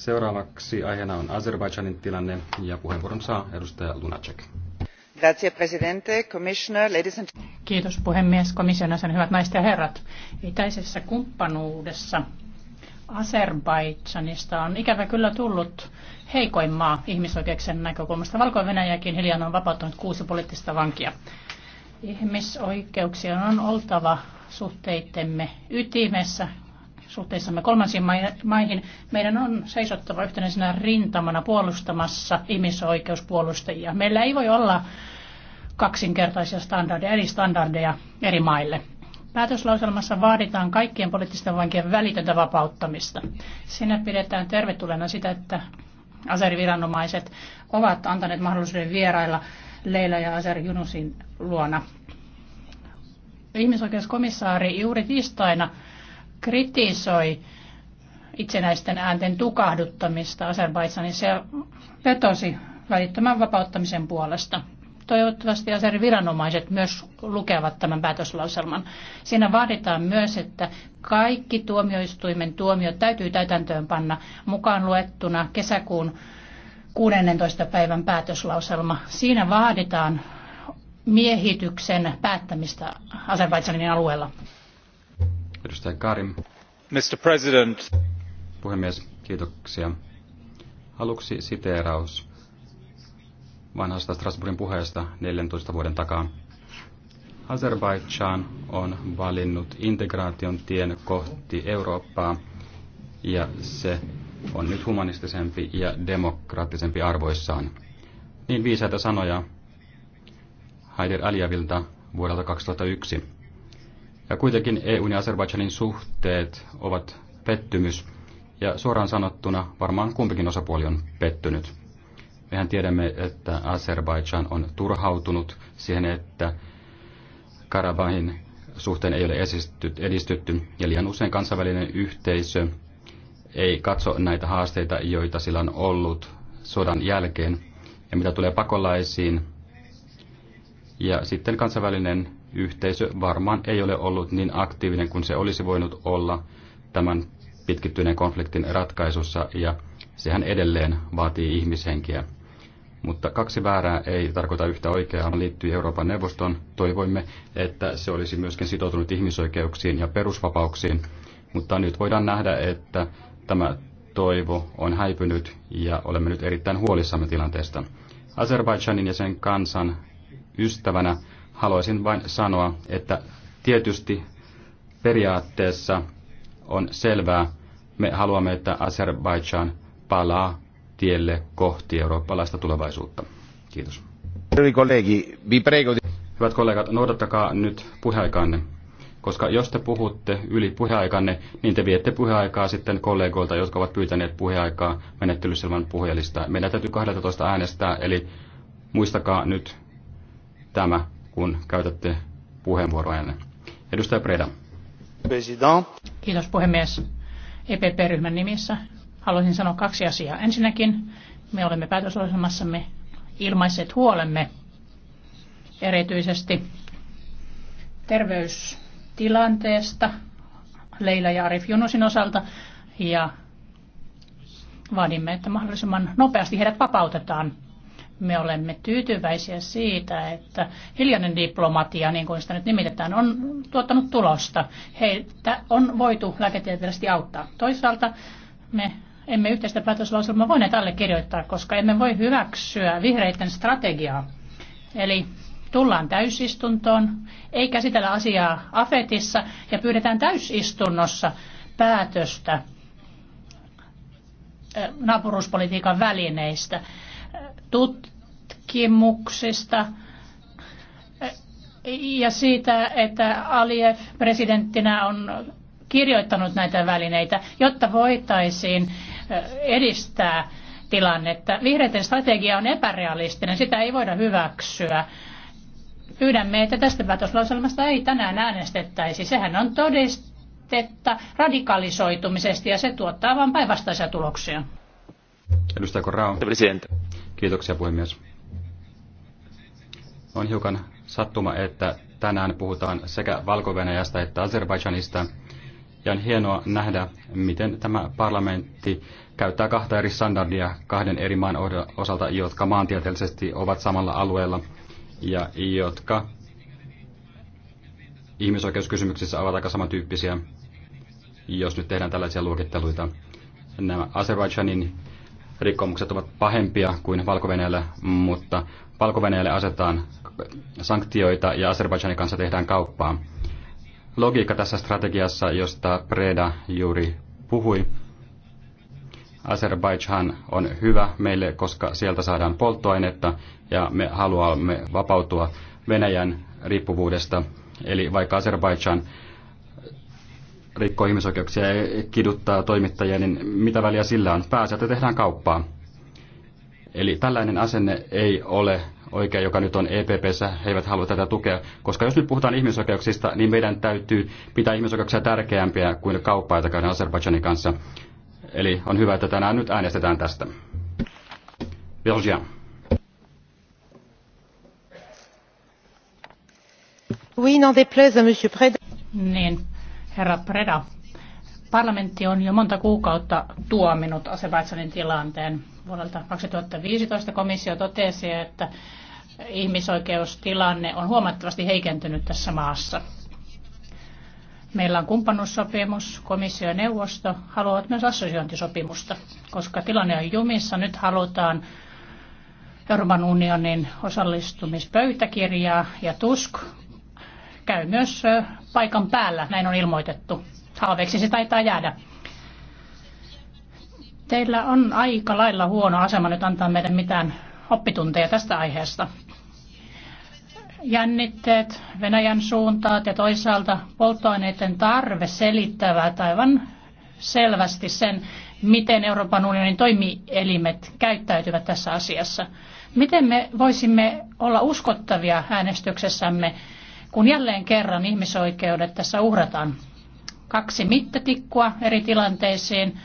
Seuraavaksi aiheena on Azerbaidžanin tilanne ja puheenvuoron saa edustaja Lunacek. Kiitos puhemies, komission jäsen, hyvät naiset ja herrat. Itäisessä kumppanuudessa Azerbaidžanista on ikävä kyllä tullut heikoin maa ihmisoikeuksien näkökulmasta. Valko-Venäjäkin hiljaan on vapauttanut kuusi poliittista vankia. Ihmisoikeuksien on oltava suhteittemme ytimessä suhteessamme kolmansiin maihin, meidän on seisottava yhtenäisenä rintamana puolustamassa ihmisoikeuspuolustajia. Meillä ei voi olla kaksinkertaisia standardeja, eli standardeja eri maille. Päätöslauselmassa vaaditaan kaikkien poliittisten vankien välitöntä vapauttamista. Siinä pidetään tervetulleena sitä, että aseriviranomaiset ovat antaneet mahdollisuuden vierailla Leila ja Aser Junusin luona. Ihmisoikeuskomissaari juuri tiistaina kritisoi itsenäisten äänten tukahduttamista Azerbaidsanissa ja vetosi välittömän vapauttamisen puolesta. Toivottavasti Azerin viranomaiset myös lukevat tämän päätöslauselman. Siinä vaaditaan myös, että kaikki tuomioistuimen tuomiot täytyy täytäntöön panna mukaan luettuna kesäkuun 16. päivän päätöslauselma. Siinä vaaditaan miehityksen päättämistä Azerbaidsanin alueella. Edustaja Karim. Mr. President. Puhemies, kiitoksia. Aluksi siteeraus vanhasta Strasbourgin puheesta 14 vuoden takaa. Azerbaidsjan on valinnut integraation tien kohti Eurooppaa ja se on nyt humanistisempi ja demokraattisempi arvoissaan. Niin viisaita sanoja Haider Aliavilta vuodelta 2001. Ja kuitenkin EUn ja Azerbaidžanin suhteet ovat pettymys, ja suoraan sanottuna varmaan kumpikin osapuoli on pettynyt. Mehän tiedämme, että Azerbaidžan on turhautunut siihen, että Karabahin suhteen ei ole edistytty, ja liian usein kansainvälinen yhteisö ei katso näitä haasteita, joita sillä on ollut sodan jälkeen, ja mitä tulee pakolaisiin, ja sitten kansainvälinen yhteisö varmaan ei ole ollut niin aktiivinen kuin se olisi voinut olla tämän pitkittyneen konfliktin ratkaisussa ja sehän edelleen vaatii ihmishenkiä. Mutta kaksi väärää ei tarkoita yhtä oikeaa. Liittyy Euroopan neuvoston. Toivoimme, että se olisi myöskin sitoutunut ihmisoikeuksiin ja perusvapauksiin. Mutta nyt voidaan nähdä, että tämä toivo on häipynyt ja olemme nyt erittäin huolissamme tilanteesta. Azerbaidžanin ja sen kansan ystävänä Haluaisin vain sanoa, että tietysti periaatteessa on selvää, me haluamme, että Azerbaidžan palaa tielle kohti eurooppalaista tulevaisuutta. Kiitos. Hyvät kollegat, noudattakaa nyt puheaikanne, koska jos te puhutte yli puheaikanne, niin te viette puheaikaa sitten kollegoilta, jotka ovat pyytäneet puheaikaa menettelyssä ilman puhujalistaa. Meidän täytyy 12 äänestää, eli muistakaa nyt tämä kun käytätte puheenvuorojanne. Edustaja Preda. President. Kiitos puhemies. EPP-ryhmän nimissä haluaisin sanoa kaksi asiaa. Ensinnäkin me olemme päätösohjelmassamme ilmaisseet huolemme erityisesti terveystilanteesta Leila ja Arif Junusin osalta ja vaadimme, että mahdollisimman nopeasti heidät vapautetaan me olemme tyytyväisiä siitä, että hiljainen diplomatia, niin kuin sitä nyt nimitetään, on tuottanut tulosta. Heitä on voitu lääketieteellisesti auttaa. Toisaalta me emme yhteistä päätöslauselmaa voineet allekirjoittaa, koska emme voi hyväksyä vihreiden strategiaa. Eli tullaan täysistuntoon, ei käsitellä asiaa afetissa ja pyydetään täysistunnossa päätöstä eh, naapuruuspolitiikan välineistä tutkimuksista ja siitä, että Aliyev presidenttinä on kirjoittanut näitä välineitä, jotta voitaisiin edistää tilannetta. Vihreiden strategia on epärealistinen, sitä ei voida hyväksyä. Pyydämme, että tästä päätöslauselmasta ei tänään äänestettäisi. Sehän on todistetta radikalisoitumisesta ja se tuottaa vain päinvastaisia tuloksia. Edustaja Corrao. Kiitoksia puhemies. On hiukan sattuma, että tänään puhutaan sekä valko että Azerbaidžanista. Ja on hienoa nähdä, miten tämä parlamentti käyttää kahta eri standardia kahden eri maan osalta, jotka maantieteellisesti ovat samalla alueella ja jotka ihmisoikeuskysymyksissä ovat aika samantyyppisiä, jos nyt tehdään tällaisia luokitteluita. Nämä Azerbaidžanin rikkomukset ovat pahempia kuin valko mutta valko asetetaan sanktioita ja Azerbaidžanin kanssa tehdään kauppaa. Logiikka tässä strategiassa, josta Preda juuri puhui, Azerbaidžan on hyvä meille, koska sieltä saadaan polttoainetta ja me haluamme vapautua Venäjän riippuvuudesta. Eli vaikka Azerbaidžan rikkoo ihmisoikeuksia ja kiduttaa toimittajia, niin mitä väliä sillä on? että tehdään kauppaa. Eli tällainen asenne ei ole oikea, joka nyt on EPPssä. He eivät halua tätä tukea, koska jos nyt puhutaan ihmisoikeuksista, niin meidän täytyy pitää ihmisoikeuksia tärkeämpiä kuin kauppaa, jota käydään Azerbaijanin kanssa. Eli on hyvä, että tänään nyt äänestetään tästä. Virginia. Oui, n'en déplaise à Monsieur Preda. Niin, Herra Preda, parlamentti on jo monta kuukautta tuominut Azerbaidsanin tilanteen. Vuodelta 2015 komissio totesi, että ihmisoikeustilanne on huomattavasti heikentynyt tässä maassa. Meillä on kumppanuussopimus, komissio ja neuvosto haluavat myös assosiointisopimusta, koska tilanne on jumissa. Nyt halutaan Euroopan unionin osallistumispöytäkirjaa ja tusk käy myös paikan päällä, näin on ilmoitettu. Haaveeksi se taitaa jäädä. Teillä on aika lailla huono asema nyt antaa meille mitään oppitunteja tästä aiheesta. Jännitteet Venäjän suuntaat ja toisaalta polttoaineiden tarve selittävät aivan selvästi sen, miten Euroopan unionin toimielimet käyttäytyvät tässä asiassa. Miten me voisimme olla uskottavia äänestyksessämme kun jälleen kerran ihmisoikeudet tässä uhrataan. Kaksi mittatikkua eri tilanteisiin.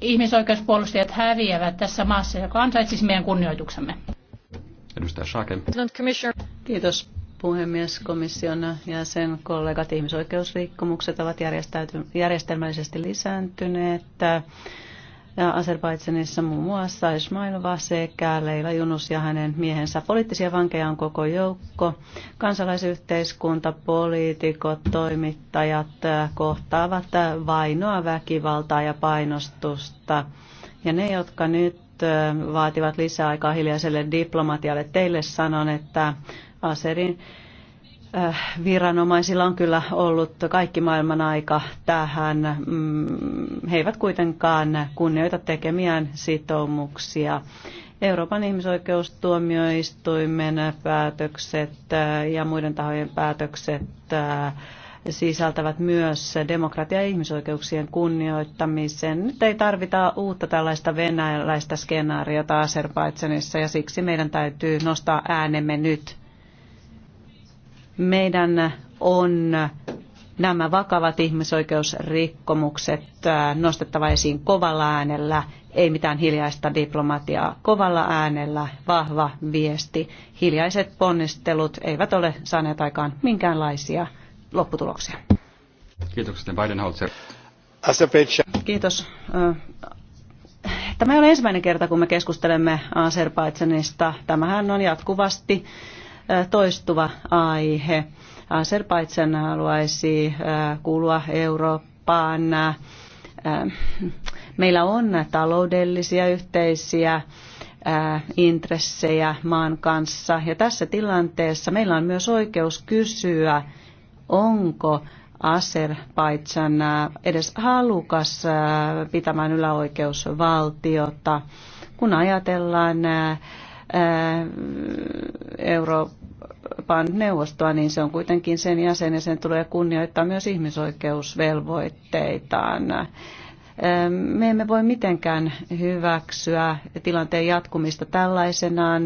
Ihmisoikeuspuolustajat häviävät tässä maassa, joka ansaitsisi meidän kunnioituksemme. Edustaja Schaken. Kiitos puhemies, komission jäsen, kollegat, ihmisoikeusrikkomukset ovat järjestelmällisesti lisääntyneet ja Azerbaidsanissa muun muassa Ismailova sekä Leila Junus ja hänen miehensä. Poliittisia vankeja on koko joukko. Kansalaisyhteiskunta, poliitikot, toimittajat äh, kohtaavat äh, vainoa, väkivaltaa ja painostusta. Ja ne, jotka nyt äh, vaativat lisäaikaa hiljaiselle diplomatialle, teille sanon, että Aserin Äh, viranomaisilla on kyllä ollut kaikki maailman aika tähän. Mm, he eivät kuitenkaan kunnioita tekemiään sitoumuksia. Euroopan ihmisoikeustuomioistuimen päätökset äh, ja muiden tahojen päätökset äh, sisältävät myös demokratia- ja ihmisoikeuksien kunnioittamisen. Nyt ei tarvita uutta tällaista venäläistä skenaariota Azerbaidsanissa ja siksi meidän täytyy nostaa äänemme nyt meidän on nämä vakavat ihmisoikeusrikkomukset äh, nostettava esiin kovalla äänellä, ei mitään hiljaista diplomatiaa, kovalla äänellä, vahva viesti. Hiljaiset ponnistelut eivät ole saaneet aikaan minkäänlaisia lopputuloksia. Kiitoksia, Biden Holzer. Kiitos. Tämä ei ole ensimmäinen kerta, kun me keskustelemme Azerbaidsanista. Tämähän on jatkuvasti toistuva aihe. Azerbaidsan haluaisi kuulua Eurooppaan. Meillä on taloudellisia yhteisiä intressejä maan kanssa ja tässä tilanteessa meillä on myös oikeus kysyä, onko Azerbaidsan edes halukas pitämään yläoikeusvaltiota, kun ajatellaan Euroopan neuvostoa, niin se on kuitenkin sen jäsen ja sen tulee kunnioittaa myös ihmisoikeusvelvoitteitaan. Me emme voi mitenkään hyväksyä tilanteen jatkumista tällaisenaan.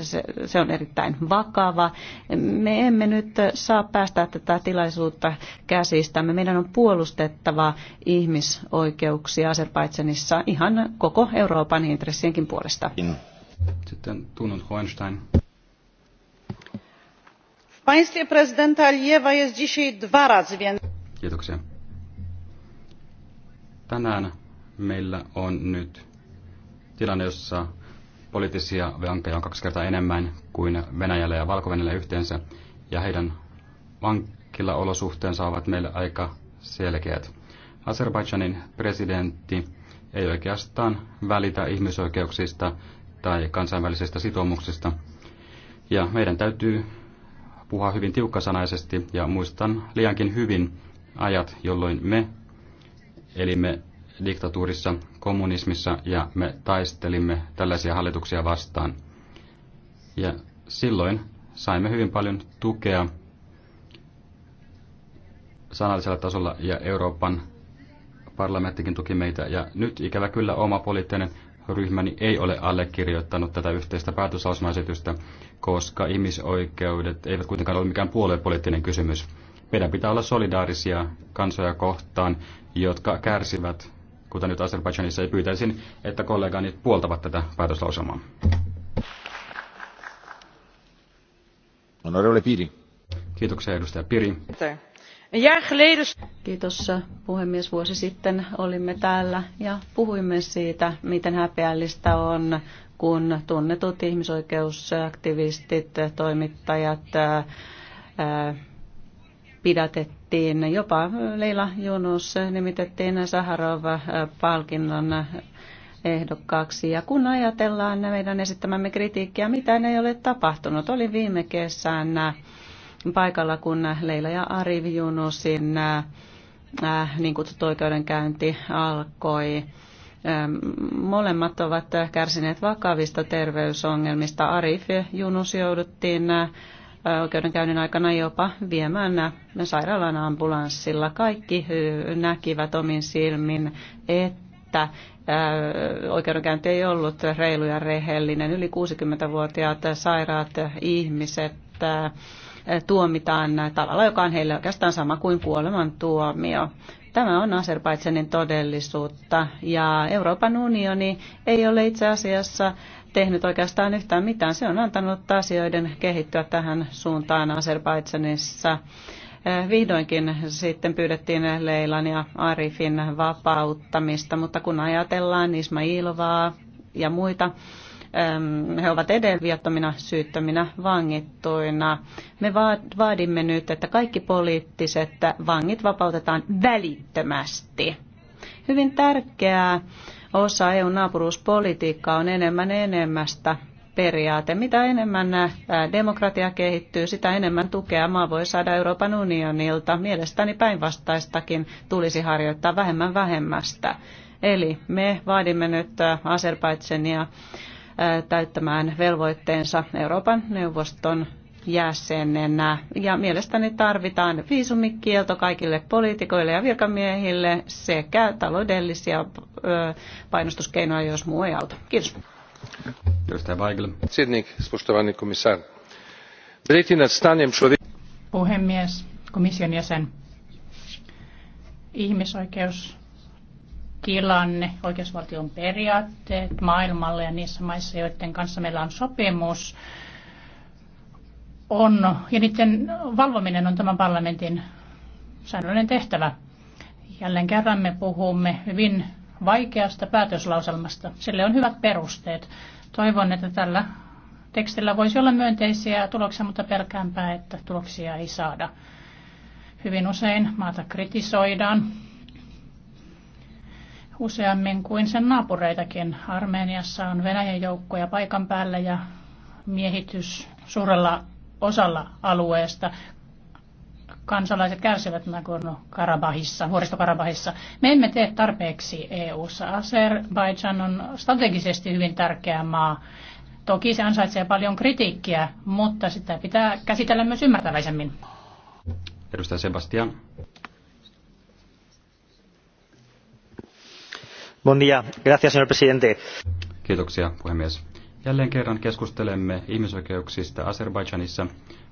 Se, se on erittäin vakava. Me emme nyt saa päästä tätä tilaisuutta käsistämme. Meidän on puolustettava ihmisoikeuksia Azerbaidsanissa ihan koko Euroopan intressienkin puolesta. Sitten Tunnut Hohenstein. W państwie prezydenta Alijewa jest dzisiaj dwa razy więcej. Kiitoksia. Tänään meillä on nyt tilanne, jossa poliittisia vankeja on kaksi kertaa enemmän kuin Venäjällä ja valko yhteensä, ja heidän vankilaolosuhteensa ovat meille aika selkeät. Azerbaidžanin presidentti ei oikeastaan välitä ihmisoikeuksista tai kansainvälisestä sitoumuksesta. Ja meidän täytyy puhua hyvin tiukkasanaisesti ja muistan liiankin hyvin ajat, jolloin me elimme diktatuurissa, kommunismissa ja me taistelimme tällaisia hallituksia vastaan. Ja silloin saimme hyvin paljon tukea sanallisella tasolla ja Euroopan parlamenttikin tuki meitä. Ja nyt ikävä kyllä oma poliittinen ryhmäni ei ole allekirjoittanut tätä yhteistä päätöslausumaesitystä, koska ihmisoikeudet eivät kuitenkaan ole mikään puoluepoliittinen kysymys. Meidän pitää olla solidaarisia kansoja kohtaan, jotka kärsivät, kuten nyt Azerbaijanissa, ja pyytäisin, että kollegani puoltavat tätä päätöslausumaa. Honorable Piri. Kiitoksia edustaja Piri. Kiitos. Kiitos puhemies. Vuosi sitten olimme täällä ja puhuimme siitä, miten häpeällistä on, kun tunnetut ihmisoikeusaktivistit, toimittajat pidätettiin. Jopa Leila Junus nimitettiin Saharov-palkinnon ehdokkaaksi. Ja kun ajatellaan meidän esittämämme kritiikkiä, mitään ei ole tapahtunut. Oli viime kesänä paikalla, kun Leila ja Ari Junusin äh, niin kutsuttu oikeudenkäynti alkoi. Ähm, molemmat ovat kärsineet vakavista terveysongelmista. Arif Junus jouduttiin äh, oikeudenkäynnin aikana jopa viemään sairaalan ambulanssilla. Kaikki äh, näkivät omin silmin, että oikeudenkäynti ei ollut reilu ja rehellinen. Yli 60-vuotiaat sairaat ihmiset tuomitaan tavalla, joka on heille oikeastaan sama kuin kuolemantuomio. Tämä on Azerbaidsanin todellisuutta ja Euroopan unioni ei ole itse asiassa tehnyt oikeastaan yhtään mitään. Se on antanut asioiden kehittyä tähän suuntaan Azerbaidsanissa. Vihdoinkin sitten pyydettiin Leilan ja Arifin vapauttamista, mutta kun ajatellaan Ismailovaa ja muita he ovat edelleen viattomina syyttöminä vangittuina. Me vaadimme nyt, että kaikki poliittiset vangit vapautetaan välittömästi. Hyvin tärkeää osa EU-naapuruuspolitiikkaa on enemmän enemmästä periaate. Mitä enemmän demokratia kehittyy, sitä enemmän tukea maa voi saada Euroopan unionilta. Mielestäni päinvastaistakin tulisi harjoittaa vähemmän vähemmästä. Eli me vaadimme nyt Azerbaidsenia täyttämään velvoitteensa Euroopan neuvoston jäsenenä. Ja mielestäni tarvitaan viisumikielto kaikille poliitikoille ja virkamiehille sekä taloudellisia painostuskeinoja, jos muu ei auta. Kiitos. Puhemies, komission jäsen, ihmisoikeus tilanne, oikeusvaltion periaatteet maailmalle ja niissä maissa, joiden kanssa meillä on sopimus, on, ja niiden valvominen on tämän parlamentin säännöllinen tehtävä. Jälleen kerran me puhumme hyvin vaikeasta päätöslauselmasta. Sille on hyvät perusteet. Toivon, että tällä tekstillä voisi olla myönteisiä tuloksia, mutta pelkäänpä, että tuloksia ei saada. Hyvin usein maata kritisoidaan useammin kuin sen naapureitakin. Armeniassa on Venäjän joukkoja paikan päällä ja miehitys suurella osalla alueesta. Kansalaiset kärsivät Nagorno-Karabahissa, vuoristokarabahissa. Me emme tee tarpeeksi EU-ssa. Azerbaijan on strategisesti hyvin tärkeä maa. Toki se ansaitsee paljon kritiikkiä, mutta sitä pitää käsitellä myös ymmärtäväisemmin. Edustaja Sebastian. señor presidente. Kiitoksia, puhemies. Jälleen kerran keskustelemme ihmisoikeuksista Azerbaidžanissa.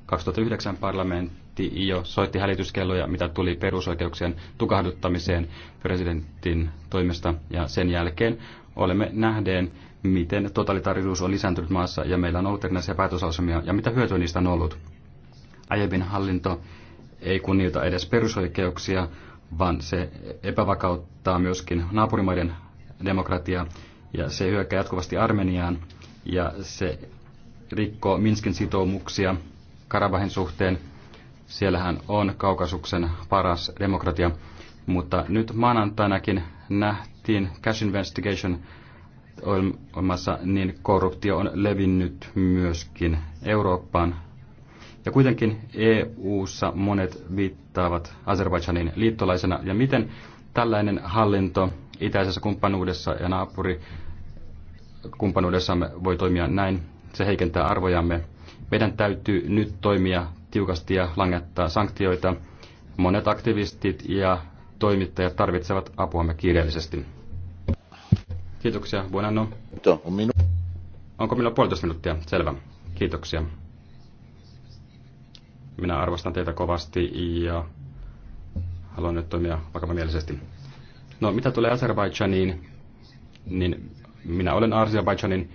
2009 parlamentti jo soitti hälytyskelloja, mitä tuli perusoikeuksien tukahduttamiseen presidentin toimesta. Ja sen jälkeen olemme nähdeen, miten totalitaarisuus on lisääntynyt maassa ja meillä on ollut erinäisiä päätösasemia ja mitä hyötyä niistä on ollut. Aiemmin hallinto ei kunnioita edes perusoikeuksia, vaan se epävakauttaa myöskin naapurimaiden demokratiaa ja se hyökkää jatkuvasti Armeniaan ja se rikkoo Minskin sitoumuksia Karabahin suhteen. Siellähän on kaukasuksen paras demokratia, mutta nyt maanantainakin nähtiin Cash Investigation olemassa niin korruptio on levinnyt myöskin Eurooppaan ja kuitenkin EU-ssa monet viittaavat Azerbaidžanin liittolaisena. Ja miten tällainen hallinto itäisessä kumppanuudessa ja naapurikumppanuudessamme voi toimia näin? Se heikentää arvojamme. Meidän täytyy nyt toimia tiukasti ja langettaa sanktioita. Monet aktivistit ja toimittajat tarvitsevat apuamme kiireellisesti. Kiitoksia, buonanno. Onko minulla puolitoista minuuttia? Selvä. Kiitoksia. Minä arvostan teitä kovasti ja haluan nyt toimia vakavamielisesti. No, mitä tulee Azerbaidžaniin, niin minä olen Azerbaidžanin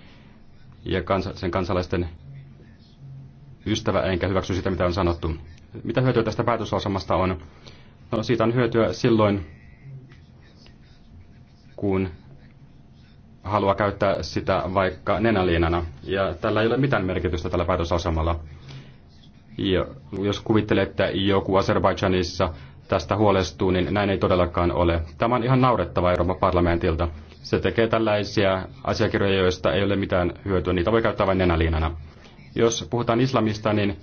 ja kansa, sen kansalaisten ystävä, enkä hyväksy sitä, mitä on sanottu. Mitä hyötyä tästä päätösasemasta on? No, siitä on hyötyä silloin, kun haluaa käyttää sitä vaikka nenäliinana. Ja tällä ei ole mitään merkitystä tällä päätösasemalla. Ja jos kuvittelee, että joku Azerbaidžanissa tästä huolestuu, niin näin ei todellakaan ole. Tämä on ihan naurettava Euroopan parlamentilta. Se tekee tällaisia asiakirjoja, joista ei ole mitään hyötyä. Niitä voi käyttää vain nenäliinana. Jos puhutaan islamista, niin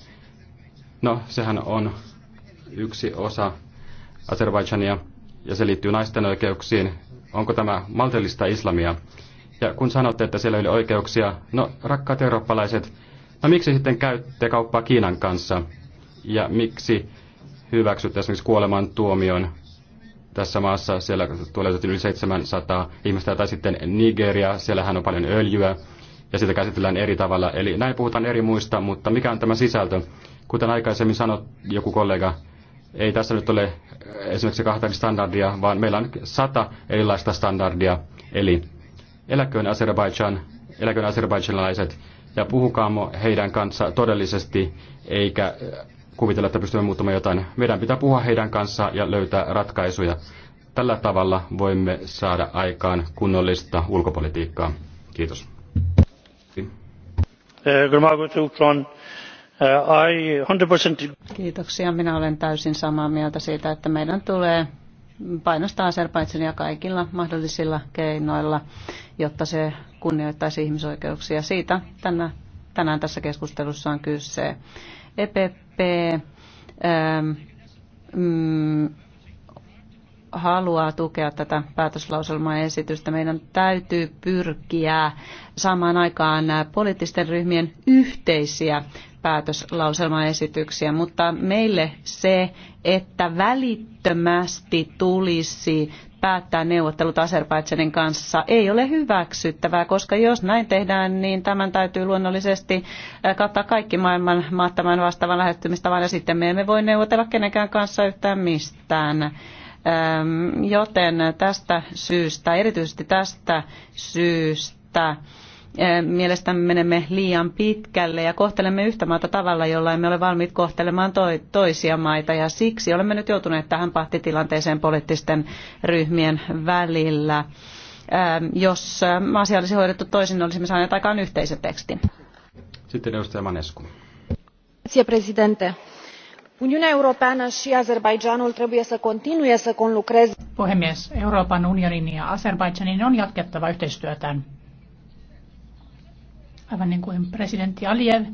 no, sehän on yksi osa Azerbaidžania ja se liittyy naisten oikeuksiin. Onko tämä maltillista islamia? Ja kun sanotte, että siellä ei ole oikeuksia, no rakkaat eurooppalaiset, No miksi sitten käytte kauppaa Kiinan kanssa? Ja miksi hyväksytte esimerkiksi kuoleman tuomion tässä maassa? Siellä tuoletettiin yli 700 ihmistä tai sitten Nigeria, siellähän on paljon öljyä ja sitä käsitellään eri tavalla. Eli näin puhutaan eri muista, mutta mikä on tämä sisältö? Kuten aikaisemmin sanoi joku kollega, ei tässä nyt ole esimerkiksi kahta standardia, vaan meillä on sata erilaista standardia. Eli eläköön Azerbaijan, eläköön azerbaijanilaiset, ja puhukaamme heidän kanssa todellisesti, eikä äh, kuvitella, että pystymme muuttamaan jotain. Meidän pitää puhua heidän kanssa ja löytää ratkaisuja. Tällä tavalla voimme saada aikaan kunnollista ulkopolitiikkaa. Kiitos. Kiitoksia. Minä olen täysin samaa mieltä siitä, että meidän tulee painostaa Azerbaidsania kaikilla mahdollisilla keinoilla, jotta se kunnioittaisi ihmisoikeuksia. Siitä tänä, tänään tässä keskustelussa on kyse. EPP ähm, mm, haluaa tukea tätä päätöslauselmaa esitystä. Meidän täytyy pyrkiä saamaan aikaan poliittisten ryhmien yhteisiä päätöslauselmaesityksiä, mutta meille se, että välittömästi tulisi päättää neuvottelut Azerbaidsanin kanssa ei ole hyväksyttävää, koska jos näin tehdään, niin tämän täytyy luonnollisesti kattaa kaikki maailman maat tämän vastaavan lähestymistavan ja sitten me emme voi neuvotella kenenkään kanssa yhtään mistään. Joten tästä syystä, erityisesti tästä syystä, mielestämme menemme liian pitkälle ja kohtelemme yhtä maata tavalla, jolla emme ole valmiit kohtelemaan toisia maita. Ja siksi olemme nyt joutuneet tähän pahtitilanteeseen poliittisten ryhmien välillä. Jos asia olisi hoidettu toisin, olisimme saaneet aikaan yhteisen tekstin. Sitten edustaja Manescu. Uniunea Europeană și Azerbaidjanul trebuie să continue să conlucreze. Puhemies, Euroopan unionin ja Azerbaidžanin on jatkettava yhteistyötään aivan niin kuin presidentti Aliev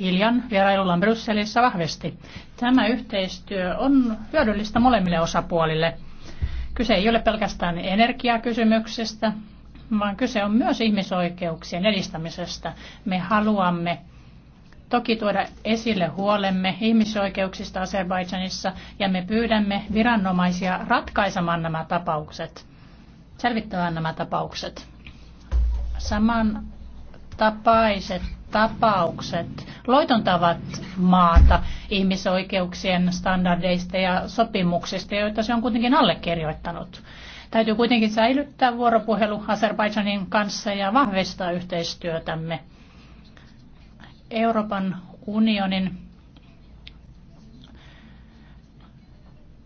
hiljan vierailullaan Brysselissä vahvisti Tämä yhteistyö on hyödyllistä molemmille osapuolille. Kyse ei ole pelkästään energiakysymyksestä, vaan kyse on myös ihmisoikeuksien edistämisestä. Me haluamme toki tuoda esille huolemme ihmisoikeuksista Azerbaidžanissa ja me pyydämme viranomaisia ratkaisemaan nämä tapaukset, selvittämään nämä tapaukset. Saman tapaiset tapaukset loitontavat maata ihmisoikeuksien standardeista ja sopimuksista, joita se on kuitenkin allekirjoittanut. Täytyy kuitenkin säilyttää vuoropuhelu Azerbaidžanin kanssa ja vahvistaa yhteistyötämme. Euroopan unionin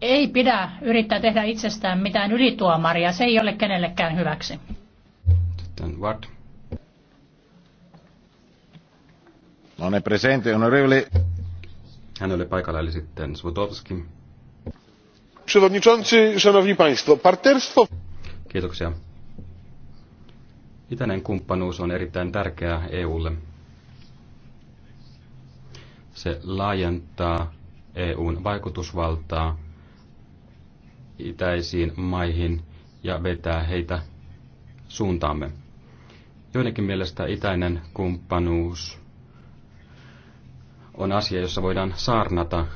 ei pidä yrittää tehdä itsestään mitään ylituomaria. Se ei ole kenellekään hyväksi. Sitten Watt. Non è presente, onorevole. Hän oli paikalla, eli sitten Svutowski. Przewodniczący, szanowni państwo, partnerstwo... Kiitoksia. Itäinen kumppanuus on erittäin tärkeää EUlle. Se laajentaa EUn vaikutusvaltaa itäisiin maihin ja vetää heitä suuntaamme. Joidenkin mielestä itäinen kumppanuus on asia, jossa voidaan saarnata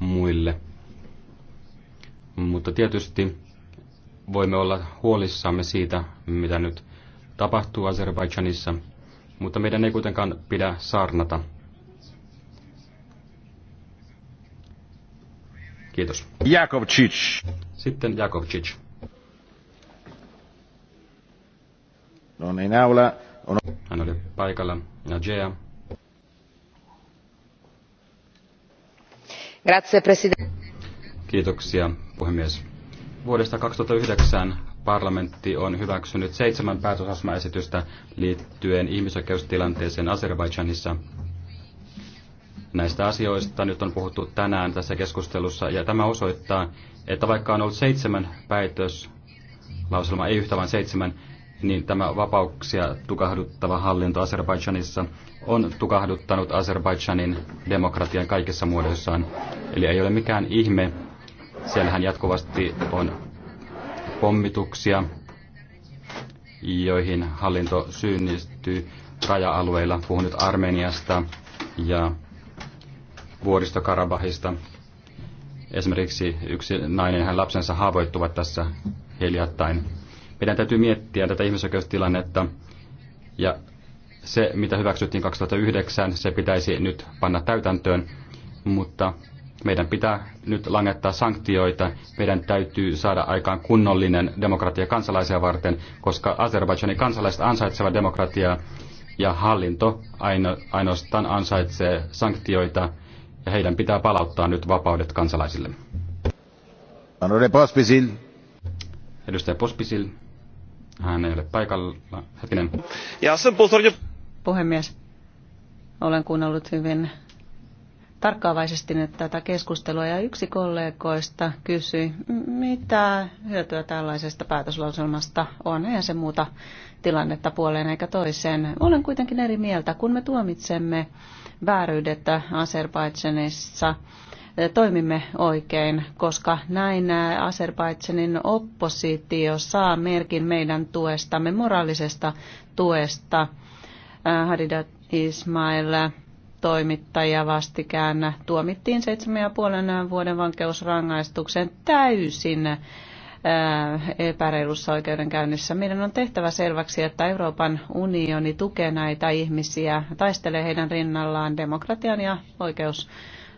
muille. Mutta tietysti voimme olla huolissamme siitä, mitä nyt tapahtuu Azerbaidžanissa, mutta meidän ei kuitenkaan pidä saarnata. Kiitos. Jakovčić. Sitten Jakovčić. No niin, on... Hän oli paikalla. Ja Jea Kiitoksia, puhemies. Vuodesta 2009 parlamentti on hyväksynyt seitsemän päätösasmaesitystä liittyen ihmisoikeustilanteeseen Azerbaidžanissa. Näistä asioista nyt on puhuttu tänään tässä keskustelussa, ja tämä osoittaa, että vaikka on ollut seitsemän päätöslauselmaa, ei yhtä vaan seitsemän, niin tämä vapauksia tukahduttava hallinto Azerbaidžanissa on tukahduttanut Azerbaidžanin demokratian kaikissa muodoissaan. Eli ei ole mikään ihme, siellähän jatkuvasti on pommituksia, joihin hallinto syynnistyy raja-alueilla. Puhun nyt Armeniasta ja Vuoristo-Karabahista. Esimerkiksi yksi nainen ja lapsensa haavoittuvat tässä hiljattain meidän täytyy miettiä tätä ihmisoikeustilannetta ja se, mitä hyväksyttiin 2009, se pitäisi nyt panna täytäntöön, mutta meidän pitää nyt langettaa sanktioita, meidän täytyy saada aikaan kunnollinen demokratia kansalaisia varten, koska Azerbaidžanin kansalaiset ansaitsevat demokratiaa ja hallinto aino, ainoastaan ansaitsee sanktioita ja heidän pitää palauttaa nyt vapaudet kansalaisille. Edustaja Pospisil. Hän ei ole paikalla. Hetkinen. Ja sen Puhemies, olen kuunnellut hyvin tarkkaavaisesti nyt tätä keskustelua ja yksi kollegoista kysyi, mitä hyötyä tällaisesta päätöslauselmasta on. Eihän se muuta tilannetta puoleen eikä toiseen. Olen kuitenkin eri mieltä, kun me tuomitsemme vääryydet Azerbaidsenissa, toimimme oikein, koska näin Azerbaidsanin oppositio saa merkin meidän tuestamme, moraalisesta tuesta. Hadida Ismail toimittaja vastikään tuomittiin 7,5 vuoden vankeusrangaistuksen täysin epäreilussa oikeudenkäynnissä. Meidän on tehtävä selväksi, että Euroopan unioni tukee näitä ihmisiä, taistelee heidän rinnallaan demokratian ja oikeus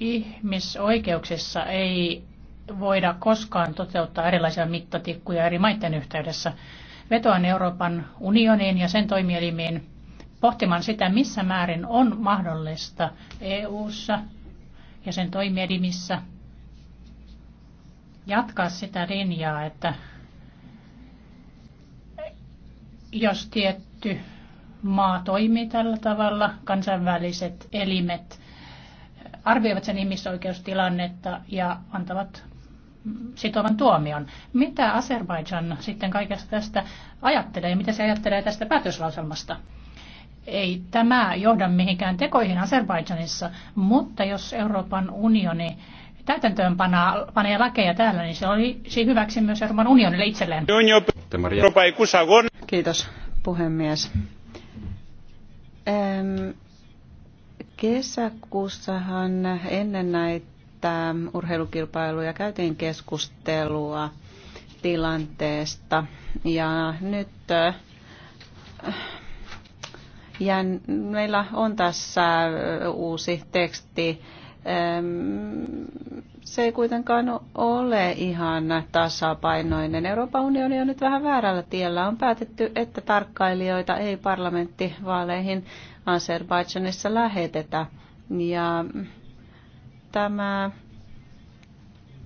ihmisoikeuksissa ei voida koskaan toteuttaa erilaisia mittatikkuja eri maiden yhteydessä. Vetoan Euroopan unioniin ja sen toimielimiin pohtimaan sitä, missä määrin on mahdollista EU:ssa ja sen toimielimissä jatkaa sitä linjaa, että jos tietty maa toimii tällä tavalla, kansainväliset elimet arvioivat sen ihmisoikeustilannetta ja antavat sitovan tuomion. Mitä Azerbaidžan sitten kaikesta tästä ajattelee ja mitä se ajattelee tästä päätöslauselmasta? Ei tämä johda mihinkään tekoihin Azerbaidžanissa, mutta jos Euroopan unioni täytäntöön panee lakeja täällä, niin se olisi hyväksi myös Euroopan unionille itselleen. Kiitos puhemies. Ähm Kesäkuussahan ennen näitä urheilukilpailuja käytiin keskustelua tilanteesta ja nyt äh, ja meillä on tässä äh, uusi teksti. Se ei kuitenkaan ole ihan tasapainoinen. Euroopan unioni on nyt vähän väärällä tiellä. On päätetty, että tarkkailijoita ei parlamenttivaaleihin Azerbaidžanissa lähetetä. Ja tämä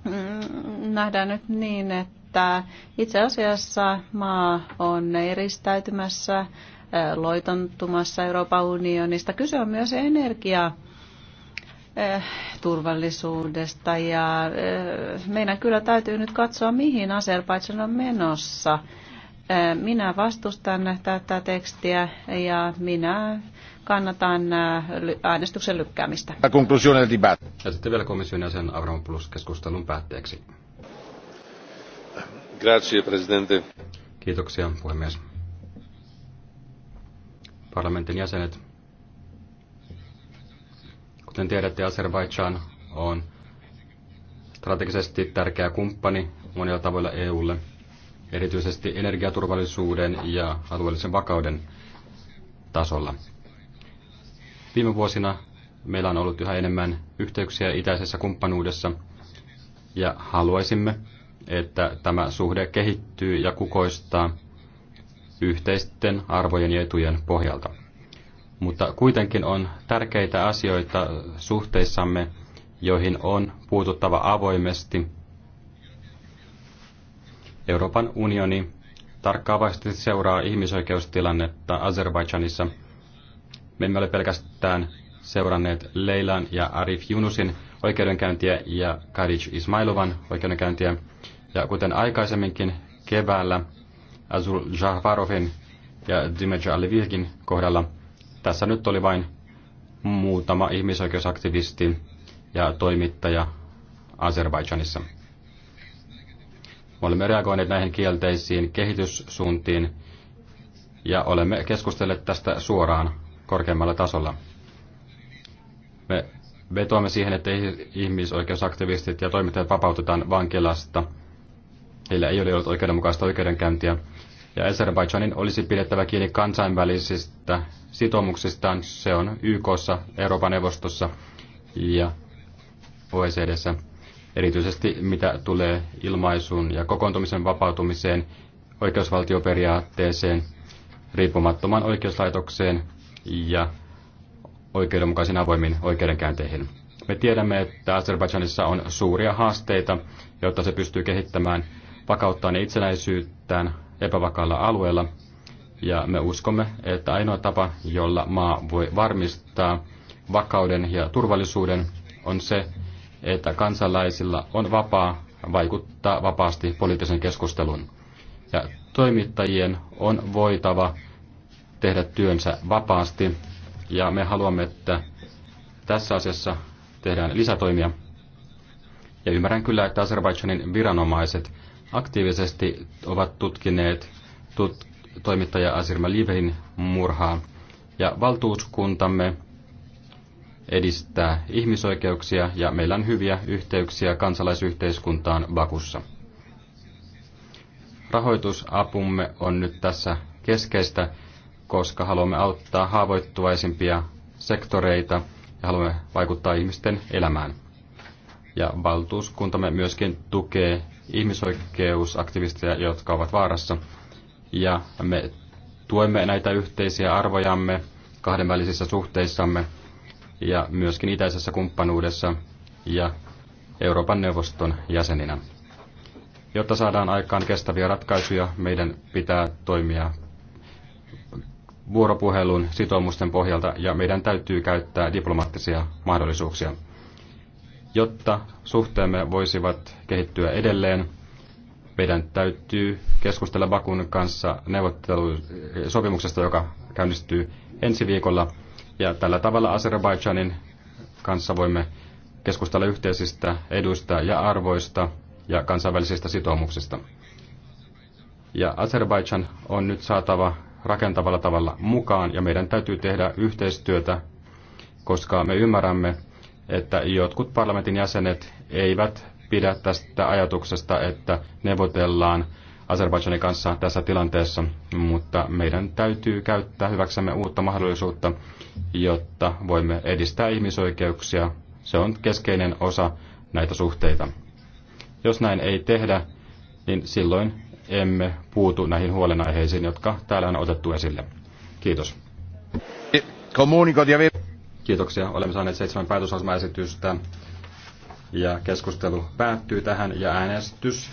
mm, nähdään nyt niin, että itse asiassa maa on eristäytymässä, loitontumassa Euroopan unionista. Kyse on myös energiaa turvallisuudesta ja meidän kyllä täytyy nyt katsoa, mihin Azerbaidžan on menossa. Minä vastustan tätä tekstiä ja minä kannatan äänestyksen lykkäämistä. Ja sitten vielä komission jäsen Avramopoulos keskustelun päätteeksi. Grazie, presidente. Kiitoksia, puhemies. Parlamentin jäsenet, kuten tiedätte, Azerbaijan on strategisesti tärkeä kumppani monilla tavoilla EUlle – erityisesti energiaturvallisuuden ja alueellisen vakauden tasolla. Viime vuosina meillä on ollut yhä enemmän yhteyksiä itäisessä kumppanuudessa ja haluaisimme, että tämä suhde kehittyy ja kukoistaa yhteisten arvojen ja etujen pohjalta. Mutta kuitenkin on tärkeitä asioita suhteissamme, joihin on puututtava avoimesti – Euroopan unioni tarkkaavasti seuraa ihmisoikeustilannetta Azerbaidžanissa. Me emme ole pelkästään seuranneet Leilan ja Arif Yunusin oikeudenkäyntiä ja Karic Ismailovan oikeudenkäyntiä. Ja kuten aikaisemminkin keväällä Azul Jahvarovin ja Dimitri Alivirkin kohdalla, tässä nyt oli vain muutama ihmisoikeusaktivisti ja toimittaja Azerbaidžanissa. Me olemme reagoineet näihin kielteisiin kehityssuuntiin ja olemme keskustelleet tästä suoraan korkeammalla tasolla. Me vetoamme siihen, että ihmisoikeusaktivistit ja toimittajat vapautetaan vankilasta. Heillä ei ole ollut oikeudenmukaista oikeudenkäyntiä. Ja Azerbaijanin olisi pidettävä kiinni kansainvälisistä sitoumuksistaan. Se on YKssa, Euroopan neuvostossa ja OECDssä erityisesti mitä tulee ilmaisuun ja kokoontumisen vapautumiseen, oikeusvaltioperiaatteeseen, riippumattoman oikeuslaitokseen ja oikeudenmukaisiin avoimiin oikeudenkäynteihin. Me tiedämme, että Azerbaidžanissa on suuria haasteita, jotta se pystyy kehittämään vakauttaan ja itsenäisyyttään epävakaalla alueella. Ja me uskomme, että ainoa tapa, jolla maa voi varmistaa vakauden ja turvallisuuden, on se, että kansalaisilla on vapaa vaikuttaa vapaasti poliittisen keskustelun. Ja toimittajien on voitava tehdä työnsä vapaasti, ja me haluamme, että tässä asiassa tehdään lisätoimia. Ja ymmärrän kyllä, että Azerbaidžanin viranomaiset aktiivisesti ovat tutkineet tut- toimittaja Azirma Livein murhaa, ja valtuuskuntamme edistää ihmisoikeuksia ja meillä on hyviä yhteyksiä kansalaisyhteiskuntaan Bakussa. Rahoitusapumme on nyt tässä keskeistä, koska haluamme auttaa haavoittuvaisimpia sektoreita ja haluamme vaikuttaa ihmisten elämään. Ja valtuuskuntamme myöskin tukee ihmisoikeusaktivisteja, jotka ovat vaarassa. Ja me tuemme näitä yhteisiä arvojamme kahdenvälisissä suhteissamme – ja myöskin itäisessä kumppanuudessa ja Euroopan neuvoston jäseninä. Jotta saadaan aikaan kestäviä ratkaisuja, meidän pitää toimia vuoropuhelun sitoumusten pohjalta ja meidän täytyy käyttää diplomaattisia mahdollisuuksia. Jotta suhteemme voisivat kehittyä edelleen, meidän täytyy keskustella Bakun kanssa neuvottelu sopimuksesta, joka käynnistyy ensi viikolla ja tällä tavalla Azerbaidžanin kanssa voimme keskustella yhteisistä eduista ja arvoista ja kansainvälisistä sitoumuksista. Ja Azerbaidžan on nyt saatava rakentavalla tavalla mukaan ja meidän täytyy tehdä yhteistyötä, koska me ymmärrämme, että jotkut parlamentin jäsenet eivät pidä tästä ajatuksesta, että neuvotellaan Azerbaidžanin kanssa tässä tilanteessa, mutta meidän täytyy käyttää hyväksämme uutta mahdollisuutta, jotta voimme edistää ihmisoikeuksia. Se on keskeinen osa näitä suhteita. Jos näin ei tehdä, niin silloin emme puutu näihin huolenaiheisiin, jotka täällä on otettu esille. Kiitos. Kiitoksia. Olemme saaneet seitsemän päätösasmaesitystä ja keskustelu päättyy tähän ja äänestys